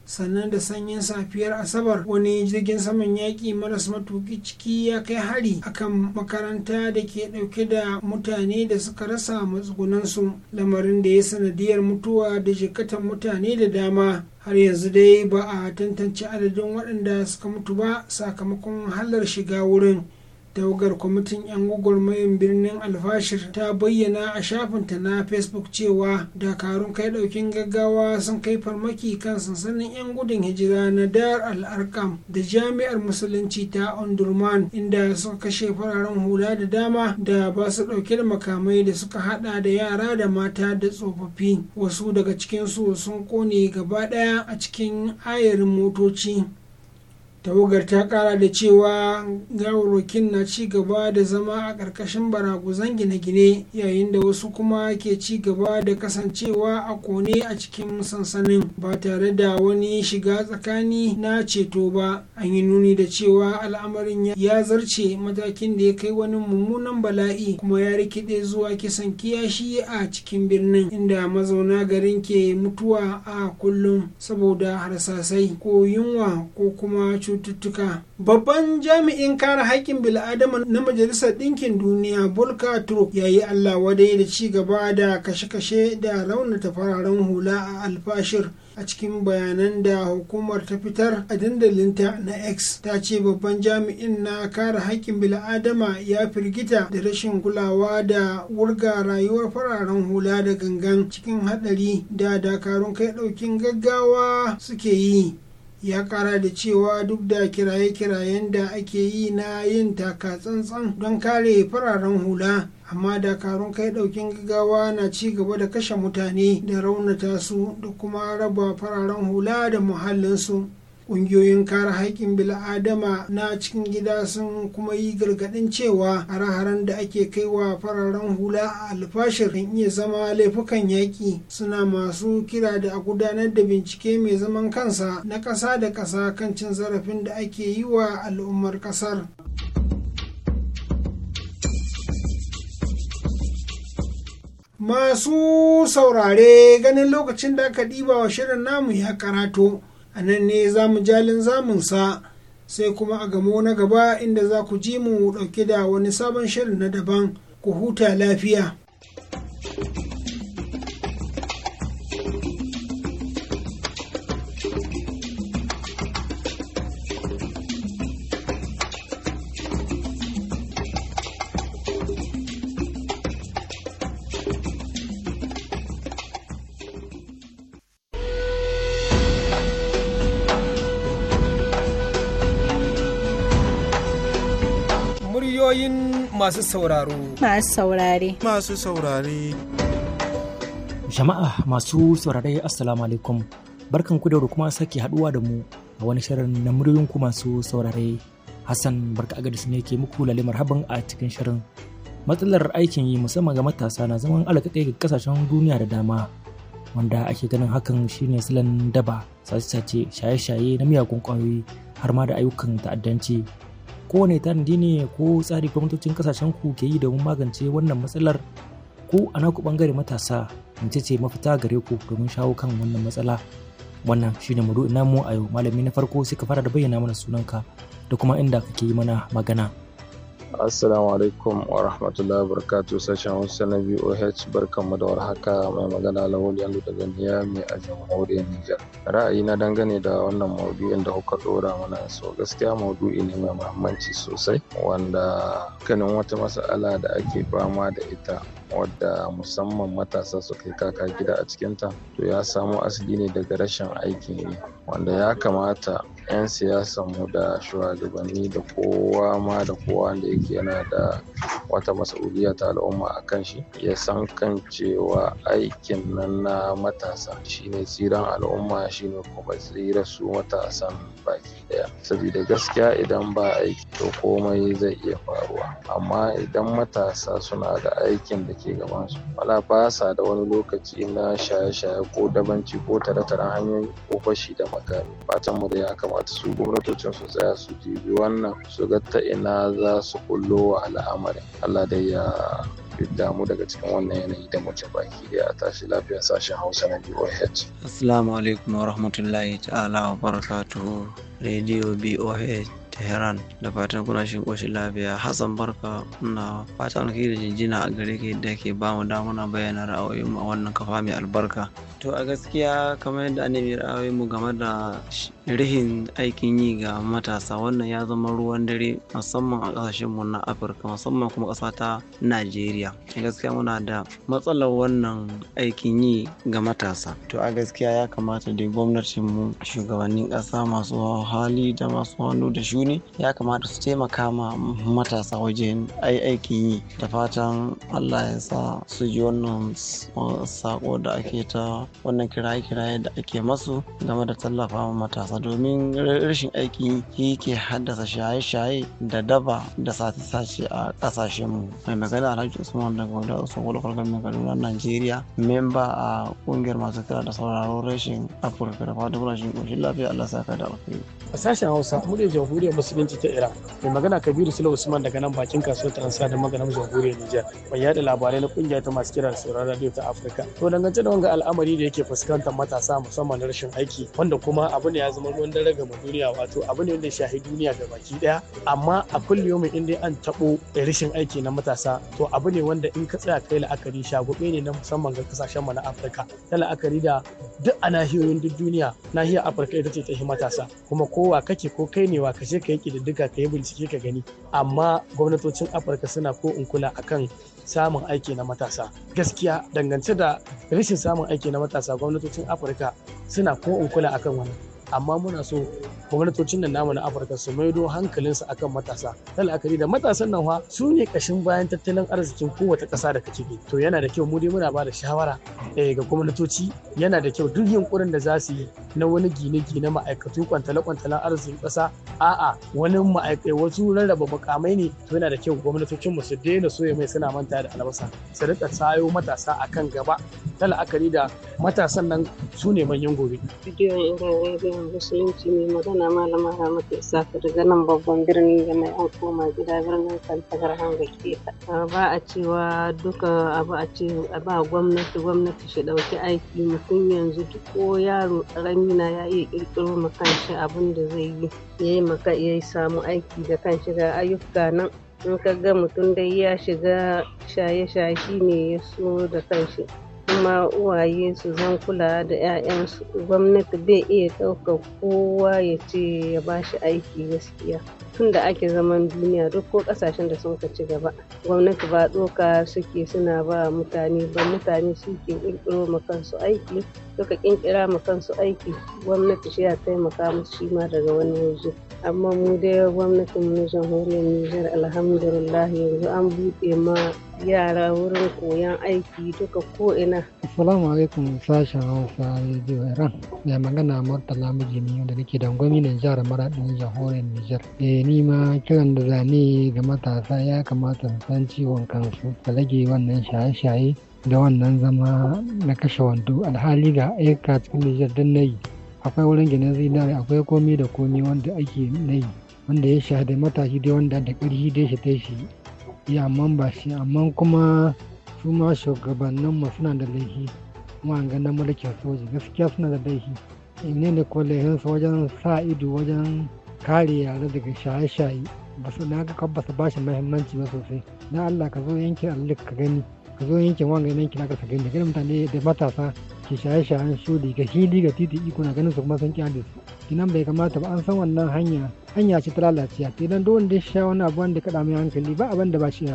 sannan da sanyin safiyar asabar wani jirgin saman yaƙi maras matuƙi ciki ya kai hari akan makaranta da ke ɗauke da mutane da suka rasa matsugunansu lamarin da ya sanadiyar mutuwa da jikatan mutane da dama har yanzu dai ba a tantance adadin waɗanda suka mutu ba sakamakon halar shiga wurin tawagar kwamitin 'yan gwagwarmayin birnin alfashir ta bayyana a shafinta na facebook cewa dakarun kai daukin gaggawa sun kai farmaki kan sansanin 'yan gudun hijira na dar al-arkam da jami'ar musulunci ta ondurman inda suka kashe fararen hula da dama da ba su dauke da makamai da suka hada da yara da mata da tsofaffi wasu daga cikinsu sun kone gaba daya a cikin ayarin motoci tawagar ta kara da cewa gawarwakin na ci gaba da zama a ƙarƙashin baraguzan gine-gine yayin da wasu kuma ke ci gaba da kasancewa a kone a cikin sansanin ba tare da wani shiga tsakani na ceto ba an yi nuni da cewa al'amarin ya zarce matakin da ya kai wani mummunan bala'i kuma ya rikide zuwa kisan kiyashi a cikin birnin inda mazauna garin ke mutuwa a kullum saboda harsasai ko yunwa ko kuma cuta cututtuka babban jami'in kare haƙƙin bil'adama na majalisar ɗinkin duniya bulka turk ya yi allah wadai da ci gaba da kashe-kashe da raunata fararen hula a alfashir a cikin bayanan da hukumar ta fitar a dandalinta na x ta ce babban jami'in na kare haƙƙin bil'adama ya firgita da rashin kulawa da wurga rayuwar fararen hula da gangan cikin haɗari da dakarun kai ɗaukin gaggawa suke yi ya kara da cewa duk da kiraye-kirayen da ake yi na yin taka tsantsan don kare fararen hula amma dakarun kai daukin gaggawa na ci gaba da kashe mutane da raunata su da kuma raba fararen hula da muhallinsu ƙungiyoyin kare haƙƙin bil'adama na cikin gida sun kuma yi gargaɗin cewa hare-haren da ake kaiwa fararen hula a alfashir kan iya zama laifukan yaƙi suna masu kira da a gudanar da bincike mai zaman kansa na ƙasa da ƙasa kan cin zarafin da ake yi wa al'ummar ƙasar. Masu saurare ganin lokacin da aka ɗiba wa shirin namu ya karato. a nan ne za mu jalin zamunsa sai kuma a gamo na gaba inda za ku ji mu dauke da wani sabon shirin na daban ku huta lafiya masu sauraro. Masu saurare. Masu saurare. Jama'a masu saurare Assalamu alaikum. Barkan ku da kuma sake haduwa da mu a wani shirin na muryoyin ku masu saurare. Hassan barka agadis ne ke muku lalle marhaban a cikin shirin. Matsalar aikin yi musamman ga matasa na zaman alaƙaƙe ga kasashen duniya da dama. Wanda ake ganin hakan shine silan daba, sace-sace, shaye-shaye na miyagun ƙwayoyi har ma da ayyukan ta'addanci. kowane tanadi ne ko tsari gwamnatocin kasashen ku ke yi domin magance wannan matsalar ku a naku bangare matasa mace ce mafita gare ku domin shawo kan wannan matsala wannan shi shine maudu'in namu a yau malami na farko sai ka fara da bayyana mana sunanka da kuma inda kake yi mana magana Assalamu alaikum wa rahmatullahi wa barakatuh sashen Hausa na BOH barkanmu da warhaka mai magana Lawal Yandu daga Niyami a jamhuriyar Nijar. ra'ayi na dangane da wannan maudu'in da kuka ɗora mana so gaskiya maudu'i ne mai muhimmanci sosai wanda kanin wata mas'ala da ake fama da ita wadda musamman matasa su kai kaka gida a cikinta to ya samo asali ne daga rashin aikin yi wanda ya kamata 'yan mu da shugabanni da kowa ma da kowa da yake yana da wata masauliya ta al'umma a kan shi ya san kan cewa aikin nan na matasa shine tsiran al'umma shine kuma tsira su matasan baki ɗaya. Sabida gaskiya idan ba aiki to komai zai iya faruwa amma idan matasa suna da aikin da ke gaban su wala ba sa da wani lokaci na shaye-shaye ko dabanci ko tare-taren hanyoyi ko fashi da makami fatan mu da ya kamata kamata su gwamnatoci su tsaya su jibi. wannan su ga ta ina za su kullo wa al'amarin allah dai ya damu daga cikin wannan yanayi da mace baki daya a tashi lafiya sashen hausa na boh assalamu alaikum wa rahmatullahi ta'ala wa barakatuhu radio boh tehran da fatan kuna shi koshin lafiya hassan barka na fatan kai da jinjina a gare ka da ke ba mu damuna bayyana mu a wannan kafa mai albarka to a gaskiya kamar yadda an ra'ayoyin ra'ayoyinmu game da rihin aikin yi ga matasa wannan ya zama ruwan dare musamman a ƙasashenmu na afirka musamman kuma ƙasa ta najeriya gaskiya muna da matsalar wannan aikin yi ga matasa to a gaskiya ya kamata da gwamnatin mu shugabannin ƙasa masu hali da masu hannu da shi. ne ya kamata su taimaka ma matasa wajen aikin yi da fatan allah ya sa su ji wannan sako da ake ta wannan kiraye-kiraye da ake masu game da tallafa matasa domin rashin aikin yi ke haddasa shaye-shaye da daba da sace-sace a kasashenmu mai magana alhaji usman daga wadda usman wulfar gamin na nigeria memba a kungiyar masu kira da sauraro rashin afirka da fatan rashin ƙoshin lafiya allah sa ka da alfahari a sashen hausa muryar jamhuriyar jamhuriyar musulunci ta iran mai magana kabiru sula usman daga nan bakin kasuwar taransa da maganar jamhuriyar nijar mai yada labarai na kungiyar ta masu kiran sauran radio ta afirka to dangance da wanga al'amari da yake fuskantar matasa musamman na rashin aiki wanda kuma abu ne ya zama ruwan dare ga duniya wato abu ne wanda ya shahi duniya ga baki daya amma a kullum in dai an tabo rashin aiki na matasa to abu ne wanda in ka tsaya kai la'akari shagube ne na musamman ga kasashen mu na afirka ta la'akari da duk a nahiyoyin duk duniya nahiyar afirka ita ce ta matasa kuma kowa kake ko kai ne wa kashe ka yi ka yi bincike ka gani amma gwamnatocin afirka suna ko in kula akan samun aiki na matasa gaskiya dangance da rashin samun aiki na matasa gwamnatocin afirka suna ko in kula akan wannan amma muna so gwamnatocin nan namu na afirka su maido hankalinsu akan matasa na akari da matasan nan fa su ne kashin bayan tattalin arzikin kowace ƙasa da kake ciki to yana da kyau mu dai muna ba da shawara eh, ga gwamnatoci yana da kyau duk yunkurin da za su yi na wani gine-gine ma'aikatu kwantala-kwantalan arzikin ƙasa a'a wani ma'aikai eh, wasu rarraba makamai ne to yana da kyau gwamnatocinmu su daina soya mai suna manta da albasa su rika sayo matasa akan gaba ta akari da matasan nan su ne manyan gobe. Bidiyon musulunci mai magana malama isa ka daga nan babban birnin da mai an koma gida birnin kantagar hanga ta. ba a cewa duka abu a ce ba gwamnati gwamnati shi dauki aiki mutum yanzu duk ko yaro ramina na ya iya kirkiro ma kanshi abin da zai yi yayi maka ya samu aiki da kanshi ga ayyuka nan in ka ga mutum dai ya shiga shaye-shaye shi ne ya so da kanshi kuma uwaye su zan kula da 'ya'yansu gwamnati bai iya ɗaukar kowa ya ce ya ba shi aiki gaskiya tun da ake zaman duniya duk ko ƙasashen da sun ci gaba gwamnati ba tsoka suke suna ba mutane ba mutane suke ƙirƙiro ma kansu aiki suka ƙirƙira ma kansu aiki gwamnati shi ya taimaka musu shima daga wani waje amma mu dai gwamnatin mu jamhuriyar Nijar alhamdulillah yanzu an buɗe ma yara wurin koyan aiki duka ko'ina. ina. Assalamu alaikum sashen Hausa Radio Iran. Mai magana Murtala Mijini wanda nake da na jihar Maradin jamhuriyar Nijar. Eh ni ma kiran da zane ga matasa ya kamata su san ciwon kansu da rage wannan shaye-shaye da wannan zama na kashe wando alhali ga aika cikin Nijar don na yi. akwai wurin ginin zinari akwai komi da komi wanda ake nai wanda ya shi da matashi dai wanda da ƙarfi dai shi ta shi ya amma ba shi amma kuma su ma shugabannin mu suna da laifi kuma an ganin mulkin soji gaskiya suna da laifi ne ne ko laifinsu wajen sa ido wajen kare yara daga shaye-shaye ba su na ga ba su bashi muhimmanci ba sosai na Allah ka zo yankin Allah ka gani ka zo yankin wanga yankin naka ka gani da mutane da matasa ke shaye-shayen su daga hili ga titi iko na ganin su kuma san kyan su kinan bai kamata ba an san wannan hanya hanya ce ta lalaciya kenan duk wanda ya sha wani abu wanda kaɗa mai hankali ba abin da ba shi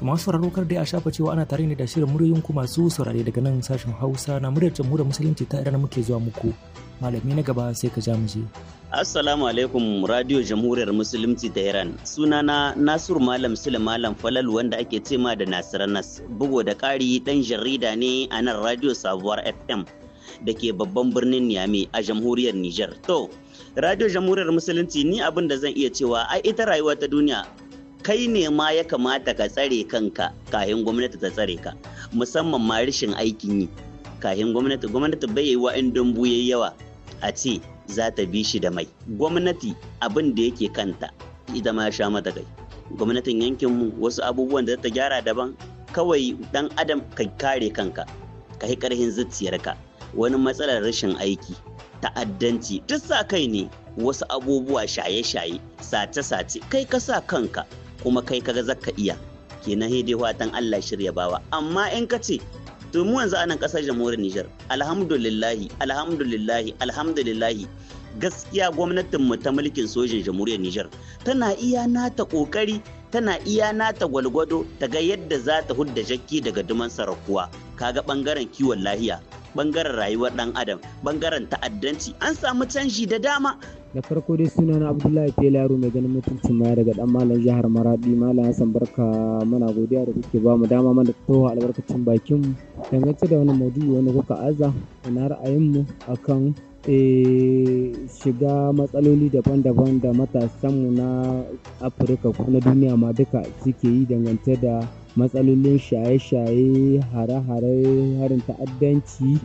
to masu sauraro kar dai a shafa cewa ana tare ne da shirin muryoyin masu saurare daga nan sashen hausa na muryar jamhuriyar musulunci ta irin muke zuwa muku malami na gaba sai ka ja mu je Assalamu alaikum Radio Jamhuriyar Musulunci ta Iran. Sunana Nasiru Malam Sule Malam Falal wanda ake ma da Nasiranas. bugo da ƙari ɗan jarida ne a nan Radio Sabuwar FM da ke babban birnin Niamey a Jamhuriyar Nijar. To, Radio Jamhuriyar Musulunci ni abin da zan iya cewa ai ita rayuwa ta duniya kai ne ma ya kamata ka tsare kanka kayan gwamnati ta tsare ka musamman ma rashin aikin yi kayan gwamnati gwamnati bai yi wa'in dambu yayi yawa a ce za ta bi shi da mai gwamnati abin da yake kanta ita ma sha mata kai gwamnatin yankinmu wasu abubuwan da ta gyara daban kawai dan adam ka kare kanka ka yi karhin zuciyarka wani matsalar rashin aiki ta'addanci duk sa kai ne wasu abubuwa shaye-shaye sace-sace kai ka sa kanka kuma kai ka ga zaka iya kenan hede watan Allah shirya bawa amma in ka ce to mu yanzu anan kasar jamhuriyar Nijar alhamdulillahi alhamdulillahi alhamdulillahi gaskiya gwamnatin mu ta mulkin sojin jamhuriyar Nijar tana iya nata kokari tana iya nata gwalgwado ta ga yadda za ta hudda jakki daga duman sarakuwa kaga bangaren kiwon lahiya bangaren rayuwar dan adam bangaren ta'addanci an samu canji da dama da farko dai suna na abdullahi pelaru mai ganin mutuncin ma daga dan malam jihar maradi malam hassan barka muna godiya da kuke ba mu dama mana towa albarkacin bakin mu dangance da wani maudu'i wani kuka aza na ra'ayinmu mu akan Eh, shiga matsaloli daban-daban da matasanmu na afirka ko na duniya ma duka suke yi dangance da matsalolin shaye-shaye hare-hare harin ta'addanci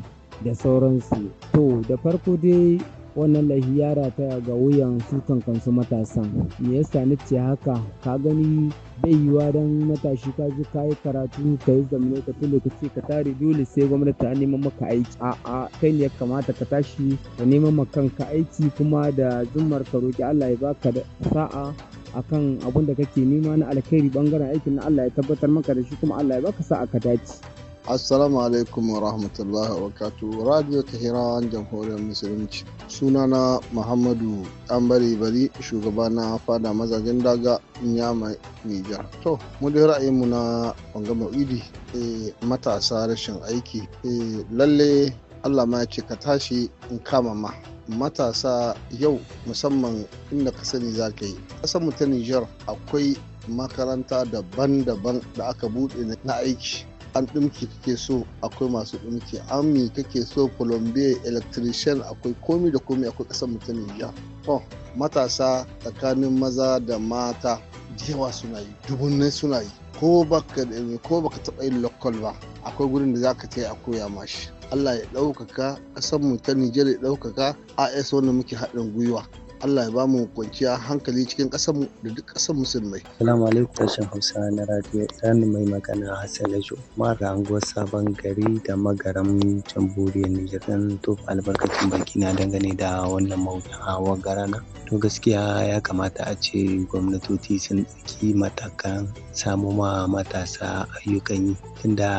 da sauransu to da farko dai wannan lahiyara ta ga wuyan su kansu matasan me yasa nace haka ka gani bai yiwa don matashi ka je ka yi karatu ka yi zamne ka tilo ka ka tare dole sai gwamnati ta neman maka aiki a'a kai ne ya kamata ka tashi ka neman ma kanka aiki kuma da zummar ka roki Allah ya baka da sa'a akan abun da kake nema na alkhairi bangaren aikin na Allah ya tabbatar maka da shi kuma Allah ya baka sa'a ka dace Assalamu alaikum wa rahmatullahi wa barakatuh. Radio Tehran Jamhuriyar Musulunci. Sunana Muhammadu Ɗanbari Bari shugaba na fada mazajen daga Nyama Nijar. To, mu ra'ayin ra'ayinmu na Banga e, matasa rashin aiki. E, lalle Allah ma ya ce ka tashi in kama ma. Matasa yau musamman inda ka sani za ka yi. Ƙasar mu ta Nijar akwai makaranta daban-daban da aka buɗe na aiki. an ɗumki kake so akwai masu an ami kake so colombia electrician akwai komi da komi akwai ƙasar mutum ya to matasa tsakanin maza da mata jewa suna yi dubunnai suna yi ko baka ko baka taɓa yin lokal ba akwai gurin da zaka je a koya mashi Allah ya ɗaukaka ƙasar mu ta Nijar ya ɗaukaka AS wanda muke haɗin gwiwa Allah ya ba mu kwanciya hankali cikin ƙasar mu da duk ƙasar musulmai assalamu alaikum tashin hausa na Radiyo ɗan mai magana hassan lajo mara anguwar sabon gari da magaran jamhuriyar nijar ɗan tofa albarkacin baki na dangane da wannan mawuyan hawa garana to gaskiya ya kamata a ce gwamnatoci sun ɗauki matakan samo ma matasa ayyukan yi tunda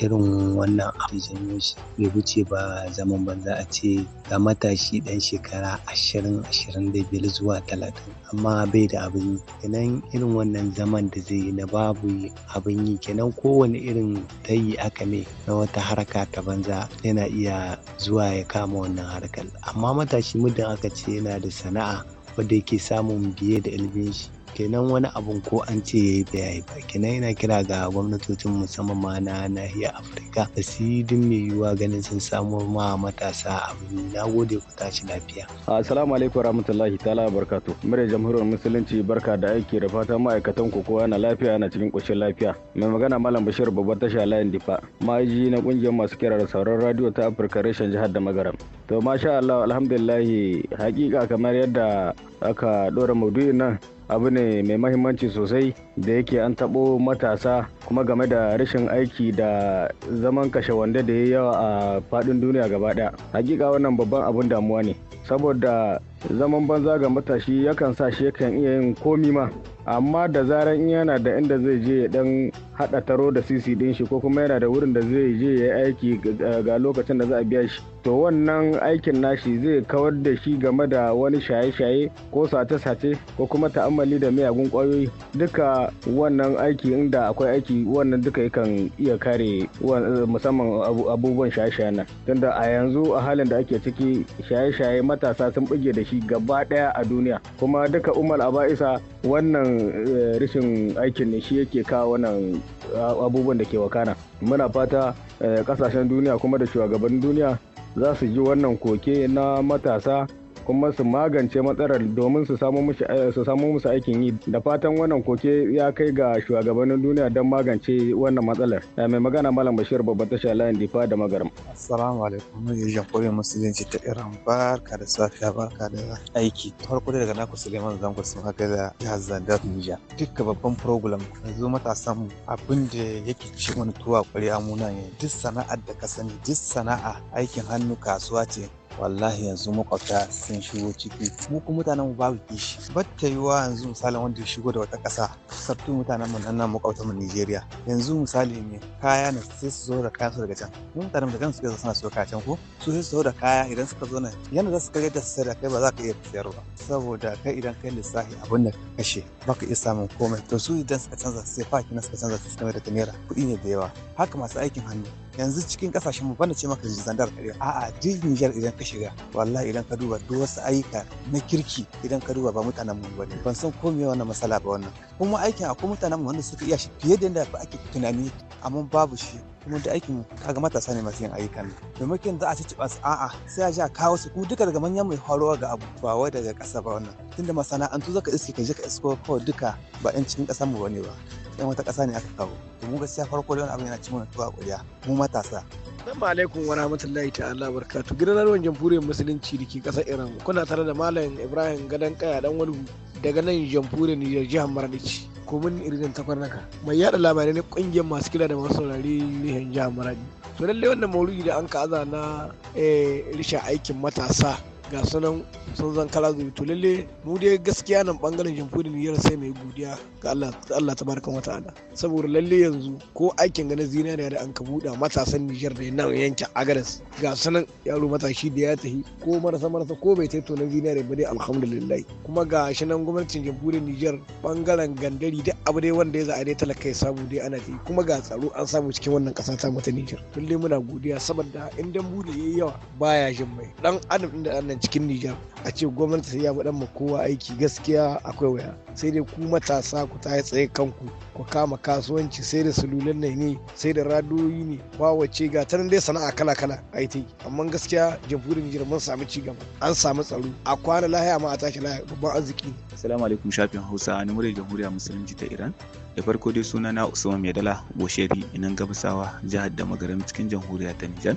irin wannan abu janyo bai wuce ba zaman banza a ce ga matashi dan shekara ashirin ashirin da biyar zuwa talatin amma bai da abin yi kenan irin wannan zaman da zai yi na babu abin yi kenan kowane irin ta yi aka ne na wata harka ta banza yana iya zuwa ya kama wannan harkar amma matashi muddin aka ce yana da sana'a wadda yake samun biye da ilimin shi kenan wani abun ko an ce ya yi bai ba kenan yana kira ga gwamnatocin musamman ma na nahiyar afirka da su duk mai yiwuwa ganin sun samu ma matasa abin na gode ku tashi lafiya. assalamu alaikum wa warahmatullahi ta'ala barkatu murya jamhuriyar musulunci barka da aiki da fatan ma'aikatan ku kowa na lafiya na cikin ƙoshin lafiya mai magana malam bashir babbar tasha layin difa ma'aji na ƙungiyar masu kira da sauran radio ta afirka reshen jihar da magaram to masha allah alhamdulillah hakika kamar yadda aka ɗora maudu'in nan abu ne mai mahimmanci sosai da yake an tabo matasa kuma game da rashin aiki da zaman kashe wanda da ya yawa a faɗin duniya gaba ɗaya hakika wannan babban abun damuwa ne saboda zaman banza ga matashi yakan sa shi yakan iya yin komi ma amma da zaran yana da inda zai je ya dan hada taro da sisi din shi ko kuma yana da wurin da zai je ya aiki ga lokacin da za a biya shi to wannan aikin nashi zai kawar da shi game da wani shaye-shaye ko sace-sace ko kuma ta'ammali da miyagun kwayoyi duka wannan aiki inda akwai aiki wannan duka yakan iya kare musamman abubuwan shaye-shaye nan tunda a yanzu a halin da ake ciki shaye-shaye matasa sun buge da shi gaba daya a duniya kuma duka umar aba'isa wannan Eh, rashin aikin ne shi yake kawo wannan eh, abubuwan da ke wakana muna fata kasashen eh, duniya kuma da shugabannin duniya za su ji wannan koke na matasa kuma su magance matsalar domin eh, su samu musu aikin yi da fatan wannan koke ya kai ga shugabannin duniya don magance wannan matsalar eh, mai magana malam bashir babban tasha layin difa da magaram assalamu alaikum mai jamhuriyar musulunci ta iran barka da safiya barka da aiki farko daga naku suleiman zango sun haka da zandar nija dukkan babban program yanzu matasan mu abin da yake ci wani tuwa kwari amuna ne duk sana'ar da ka sani duk sana'a aikin hannu kasuwa ce wallahi yanzu makwabta sun shigo ciki mu kuma mutanen mu babu kishi yi wa yanzu misalin wanda ya shigo da wata ƙasa sabtu mutanen mu nan makwabta mu Nigeria yanzu misali ne kaya ne sai su zo da kaya su daga can mun mutanen da kan suke suna so kaya can ko su sai su zo da kaya idan suka zo nan yana za su kai da su da kai ba za ka iya sayar ba saboda kai idan kai lissafi abin da ka kashe Ba ka iya samun komai to su idan suka canza sai fa na suka canza su suka mai da naira kuɗi ne da yawa haka masu aikin hannu yanzu cikin kasashen mu bana ce maka zandar kare a'a duk Nijar idan ka shiga wallahi idan ka duba duk wasu ayyuka na kirki idan ka duba ba mutanen mu bane ban san ko me wannan masala ba wannan kuma aikin akwai mutanen mu wanda suka iya shi fiye da yadda ake tunani amma babu shi kuma da aikin kaga matasa ne masu yin ayyukan domin za a ci basu a'a sai a ja kawo su kuma duka daga manyan mai horowa ga abu ba wai daga ƙasa ba wannan tunda masana'antu zaka iske ka je ka isko kawai duka ba 'yan cikin ƙasar mu bane ba 'yan wata ƙasa ne aka kawo to mu gaskiya farko da wani abu yana cin mana tuwa ƙuriya mu matasa Assalamu alaikum wa rahmatullahi ta'ala barakatuh gidan ruwan jamhuriyar musulunci da ke ƙasar Iran kuna tare da Malam Ibrahim Gadan Kaya dan walhu daga nan jamhuriyar Niger jihar Maradici mun irin ta naka mai yada labarai ne kungiyar masu kila da masu saurari jihar Maradi to lalle wannan maulidi da an ka aza na eh, risha aikin matasa ga sunan sun zan kala zubi to lalle mu dai gaskiya nan bangaren jamhuri niyyar sai mai godiya ga Allah Allah tabaraka wa ta'ala saboda lalle yanzu ko aikin ganin zinariya da an ka buɗa matasan Nijar da nan yankin Agadez ga sunan yaro matashi da ya tafi ko marasa marasa ko bai taito na zinariya ba dai alhamdulillah kuma ga shi nan gwamnatin jamhuriyar Nijar bangaren gandari duk abu dai wanda ya za a dai talaka ya samu dai ana tafi kuma ga tsaro an samu cikin wannan ƙasa ta mata Nijar lalle muna godiya saboda in dan bude yayi yawa baya jin mai dan adam inda da annan cikin Nijar a ce gwamnati sai ya faɗan ma kowa aiki gaskiya akwai waya sai dai ku matasa ku ta tsaye kanku ku kama kasuwanci sai da sululan nai ne sai da radoyi ne wace ga ta dai sana'a kala kala a yi amma gaskiya jamhuriyar Nijar mun samu ci gaba an samu tsaro a kwana lahiya ma a tashi lahiya babban arziki Assalamu alaikum shafin Hausa ni muryar jamhuriyar musulunci ta Iran da farko dai suna na Usman yadala Bosheri inan gabasawa jihar da magaram cikin jamhuriyar ta Nijar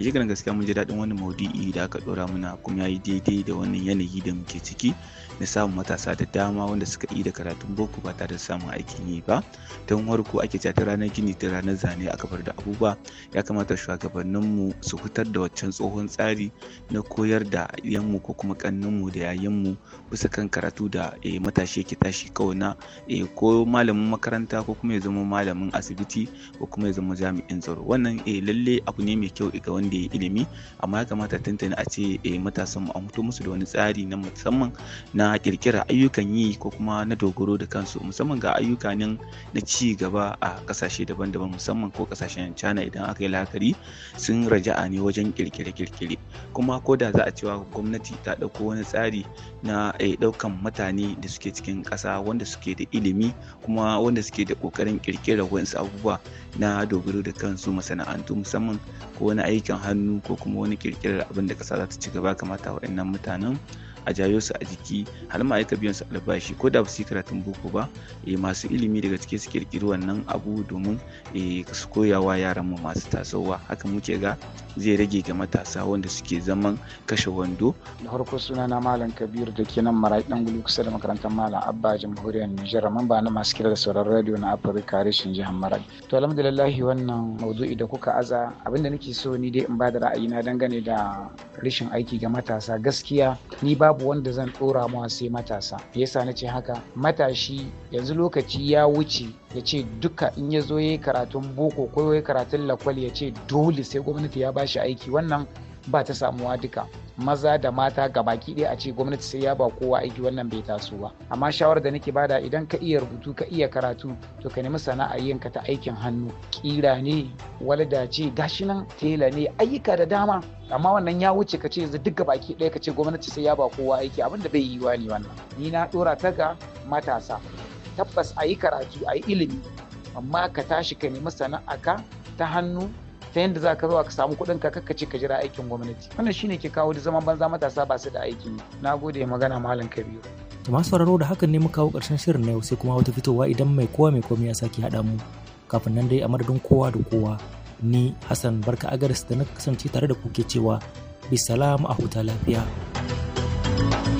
a gaskiya mun ji daɗin wannan maudu'i da aka ɗora mana kuma ya yi daidai da wannan yanayi da muke ciki na samun matasa da dama wanda suka yi da karatun boko ba tare da samun aikin yi ba don warko ake cewa ta ranar gini ta ranar zane a kafar da abubuwa ya kamata shugabanninmu su fitar da waccan tsohon tsari na koyar da yanmu ko kuma kanninmu da yayinmu bisa kan karatu da eh, matashi yake tashi kawai na eh, ko malamin makaranta ko kuma ya zama malamin asibiti ko kuma ya zama jami'in tsaro wannan eh, lalle abu ne mai kyau ga wanda ya ilimi amma ya kamata tantane a ce matasanmu a mutu musu da wani tsari na musamman na na kirkira ayyukan yi ko kuma na dogaro da kansu musamman ga ayyuka na ci gaba a ƙasashe daban-daban musamman ko kasashen china idan aka yi lakari sun raja'a ne wajen kirkire-kirkire kuma ko da za a cewa gwamnati ta ɗauko wani tsari na eh, ɗaukan mutane da suke cikin ƙasa wanda suke da ilimi kuma wanda suke da ƙoƙarin kirkira wasu abubuwa na dogaro da kansu masana'antu musamman ko wani aikin hannu ko kuma wani kirkirar abin da ƙasa za ta ci gaba kamata waɗannan mutanen a jayo su a jiki har ma aika biyan su albashi ko da ba su yi karatun boko ba eh, masu ilimi daga cike su kirkiri wannan abu domin eh, su koyawa yaran mu masu tasowa haka muke ga zai rage ga matasa wanda suke zaman kashe wando da farko suna na malam kabir da ke nan marayi dan gulu kusa da makarantar malam abba jamhuriyar nijar mamba na masu kira da sauran radio na afirka reshen jihar marayi to alhamdulillah wannan maudu'i da kuka aza abinda nake so ni dai in ba da ra'ayi na dangane da rashin aiki ga matasa gaskiya ni babu abu wanda zan ɗora mu sai matasa me yasa na ce haka matashi yanzu lokaci ya wuce ya ce duka in ya zo ya yi karatun boko ko ya yi karatun lakwal ya ce dole sai gwamnati ya bashi aiki wannan ba ta samuwa duka maza da mata ga baki ɗaya a ce gwamnati sai ya ba kowa aiki wannan bai taso ba amma shawarar da nake bada idan ka iya rubutu ka iya karatu to ka nemi sana'ar yinka ta aikin hannu kira ne walda ce gashi nan tela ne ayyuka da dama amma wannan ya wuce ka ce duk ga baki ɗaya ka ce gwamnati sai ya ba kowa aiki abinda bai yi wa ne wannan ni na dora ta ga matasa tabbas ayi karatu a yi ilimi amma ka tashi ka nemi sana'a ka ta hannu ta yadda za ka zo ka samu kuɗin ka kakkace ka jira aikin gwamnati wannan shine ke kawo da zaman banza matasa ba su da aikin na gode magana malam kabiru da masu sauraro da hakan ne mu kawo ƙarshen shirin na yau sai kuma wata fitowa idan mai kowa mai komai ya sake haɗa mu kafin nan dai a madadin kowa da kowa ni hassan barka agaris da na kasance tare da ku ke cewa bisalamu a huta lafiya thank you